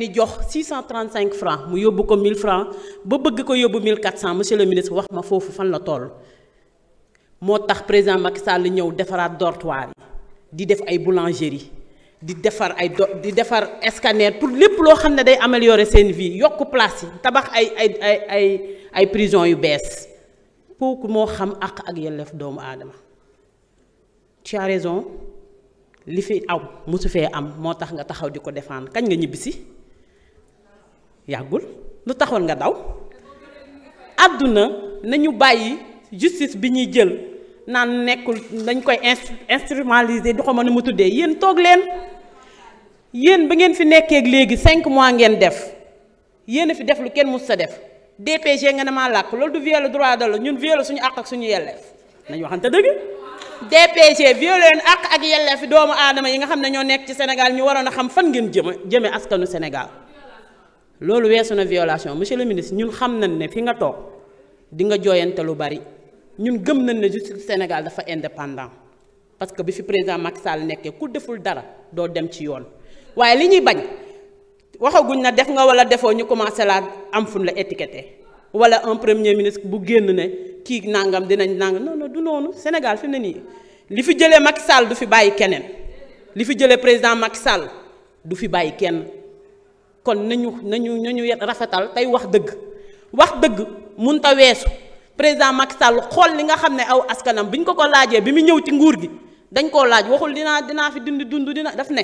ni jox 635 francs mu yóbbu ko 1000 francs ba bëgg ko yóbbu 1400 monsieur le ministre wax ma fofu fan la toll motax président Macky Sall ñew défarat dortoir di def ay boulangerie di défar ay di défar scanner pour lepp lo xam day améliorer sen vie yokk place tabax ay ay ay ay ay prison yu bess kooku mo xam ak ak yelef doomu Adam. tu as raison li fi aw mosu fe am motax nga taxaw diko défendre kañ nga ñibisi yàggul lu taxoon nga daw àdduna na ñu bàyyi justice bi ñuy jël naan nekkul dañ koy instrumentaliser du xaman ne mu tuddee yéen toog leen yéen ba ngeen fi nekkee léegi cinq mois ngeen def yéen fi def lu kenn mus sa def DPG nga ne maa làkk loolu du viole droit de la ñun viole suñu àq ak suñu yelleef nañu waxante dëgg DPG viole leen àq ak yelleef doomu aadama yi nga xam ne ñoo nekk ci Sénégal ñu waroon a xam fan ngeen jëme jëme askanu Sénégal loolu weesu na violation monsieur le ministre ñun xam nañ ne fi nga toog di nga jooyante lu bari ñun gëm nañ ne justice Sénégal dafa indépendant parce que bi fi président Macky Sall nekkee ku deful dara doo dem ci yoon waaye li ñuy bañ waxaguñ na def nga wala defoo ñu commencé laa am fun la étiqueté wala en premier ministre bu génn ne kii nangam dinañ nangam non du noonu Sénégal fi mu ne nii li fi jëlee Macky Sall du fi bàyyi keneen li fi jëlee président Macky Sall du fi bàyyi kenn. kon nañu nañu nañu rafetal tey wax dëgg wax dëgg mun ta weesu président Macky Sall xool li nga xam ne aw askanam bi ñu ko ko laajee bi mu ñëw ci nguur gi dañ koo laaj waxul dinaa dinaa fi dindi dund dina def ne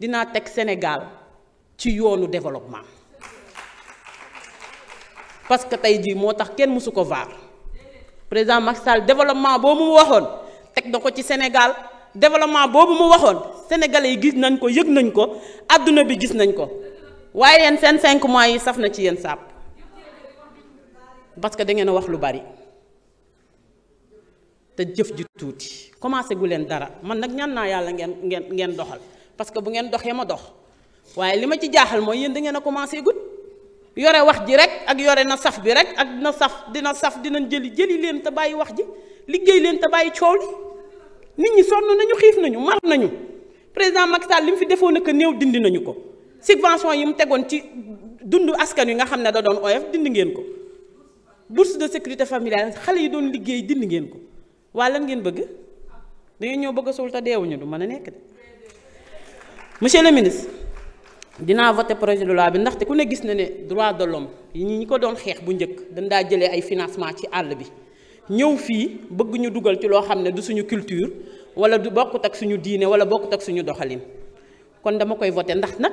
dinaa teg Sénégal ci yoonu développement parce que tey jii moo tax kenn mësu ko vaar président Macky Sall développement boobu mu waxoon teg na ko ci Sénégal développement boobu mu waxoon sénégalais yi gis nañ ko yëg nañ ko àdduna bi gis nañ ko waaye yéen seen cinq mois yi saf na ci yéen sàpp parce que da ngeen a wax lu bari te jëf ji tuuti commencé gu leen dara man nag ñan naa yàlla ngeen ngeen ngeen doxal parce que bu ngeen doxee ma dox waaye li ma ci jaaxal mooy yéen da ngeen a commencé gut yore wax ji rek ak yore na saf bi rek ak na saf dina saf dinañ jëli jëli leen te bàyyi wax ji liggéey leen te bàyyi coow li nit ñi sonn nañu xiif nañu mar nañu président Macky Sall li mu fi defoon na néew dindi nañu ko. subvention yi mu tegoon ci dundu askan yi nga xam da doon OF dind ngeen ko bourse de sécurité familiale xalé yi doon liggéey dind ngeen ko wa lan ngeen bëgg dangeen ñoo bëgg sul ta te ñu du mëna nekk de monsieur le ministre dina voter projet de loi bi ndaxte ku ne gis na né droit de l'homme yi ñi ko doon xex bu ñëk dañ da jëlé ay financement ci all bi ñew fi bëgg ñu dugal ci lo xam du suñu culture wala du bokku tak suñu diiné wala bokku tak suñu doxalin kon dama koy voter ndax nak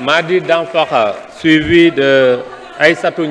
Madi Damfara, suivi de Aïssatou